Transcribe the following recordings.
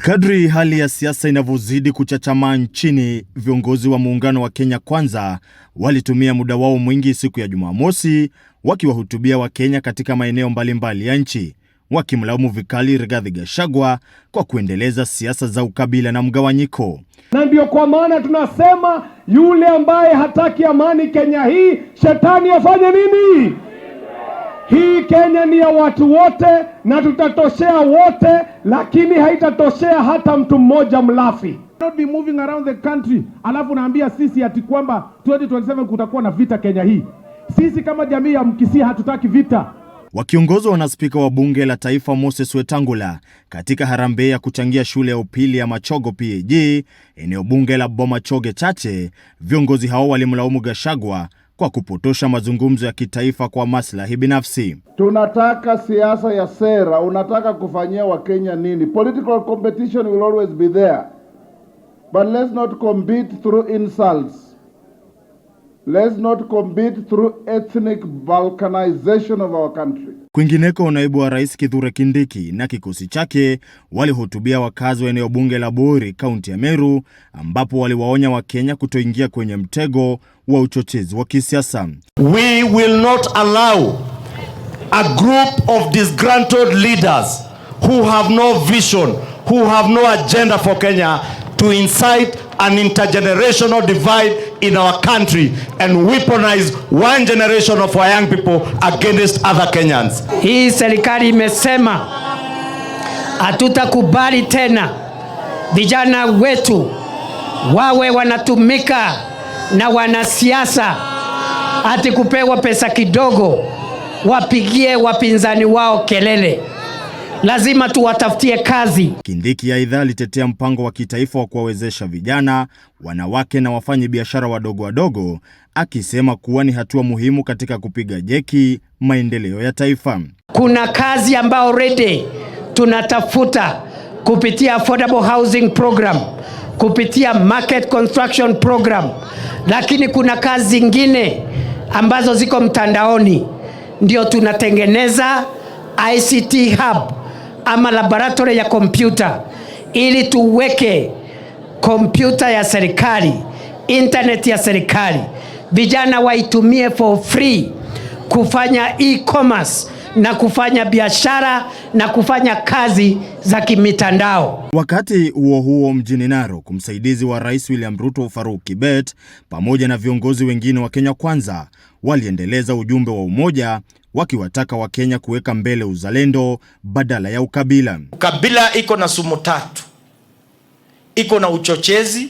Kadri hali ya siasa inavyozidi kuchachamaa nchini, viongozi wa muungano wa Kenya Kwanza walitumia muda wao mwingi siku ya Jumamosi wakiwahutubia Wakenya katika maeneo mbalimbali ya nchi, wakimlaumu vikali Rigathi Gachagua kwa kuendeleza siasa za ukabila na mgawanyiko. Na ndio kwa maana tunasema yule ambaye hataki amani Kenya hii, shetani afanye nini? Hii Kenya ni ya watu wote na tutatoshea wote, lakini haitatoshea hata mtu mmoja mlafi. Not be moving around the country, alafu naambia sisi ati kwamba 2027 kutakuwa na vita Kenya hii. Sisi kama jamii ya Mkisii hatutaki vita. Wakiongozwa na spika wa bunge la taifa Moses Wetangula katika harambee ya kuchangia shule ya upili ya Machogo PAG eneo bunge la Bomachoge Chache, viongozi hao walimlaumu gashagwa kwa kupotosha mazungumzo ya kitaifa kwa maslahi binafsi. Tunataka siasa ya sera. Unataka kufanyia Wakenya nini? Political competition will always be there. But let's not compete through insults. Let's not compete through ethnic balkanization of our country. Kwingineko, naibu wa rais Kithure Kindiki na kikosi chake walihutubia wakazi wa eneo bunge la Bori, kaunti ya Meru, ambapo waliwaonya Wakenya kutoingia kwenye mtego wa uchochezi wa kisiasa. We will not allow a group of disgruntled leaders who have no vision, who have no agenda for Kenya to incite an intergenerational divide in our country and weaponize one generation of our young people against other Kenyans. Hii serikali imesema hatutakubali tena vijana wetu wawe wanatumika na wanasiasa ati kupewa pesa kidogo wapigie wapinzani wao kelele lazima tuwatafutie kazi. Kindiki aidha alitetea mpango wa kitaifa wa kuwawezesha vijana, wanawake na wafanyi biashara wadogo wadogo, akisema kuwa ni hatua muhimu katika kupiga jeki maendeleo ya taifa. Kuna kazi ambayo rede tunatafuta kupitia affordable housing program, kupitia market construction program, lakini kuna kazi zingine ambazo ziko mtandaoni, ndio tunatengeneza ICT hub ama laboratory ya kompyuta ili tuweke kompyuta ya serikali, internet ya serikali, vijana waitumie for free kufanya e-commerce na kufanya biashara na kufanya kazi za kimitandao. Wakati huo huo, mjini Narok, msaidizi wa Rais William Ruto Faruk Kibet pamoja na viongozi wengine wa Kenya Kwanza waliendeleza ujumbe wa umoja wakiwataka Wakenya kuweka mbele uzalendo badala ya ukabila. Ukabila iko na sumu tatu, iko na uchochezi,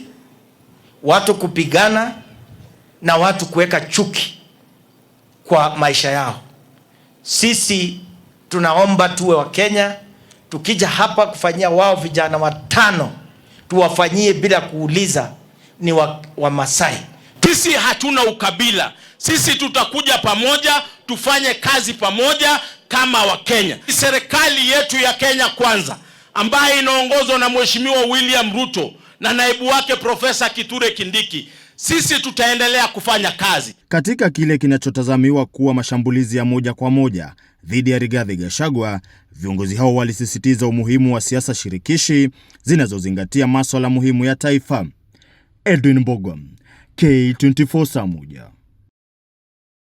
watu kupigana na watu kuweka chuki kwa maisha yao. Sisi tunaomba tuwe Wakenya, tukija hapa kufanyia wao vijana watano tuwafanyie bila kuuliza ni Wamasai wa sisi hatuna ukabila. Sisi tutakuja pamoja tufanye kazi pamoja kama Wakenya. Serikali yetu ya Kenya Kwanza ambayo inaongozwa na Mheshimiwa William Ruto na naibu wake Profesa Kithure Kindiki, sisi tutaendelea kufanya kazi katika kile kinachotazamiwa kuwa mashambulizi ya moja kwa moja dhidi ya Rigathi Gachagua. Viongozi hao walisisitiza umuhimu wa siasa shirikishi zinazozingatia maswala muhimu ya taifa. Edwin Bogwa, K24 Samuja.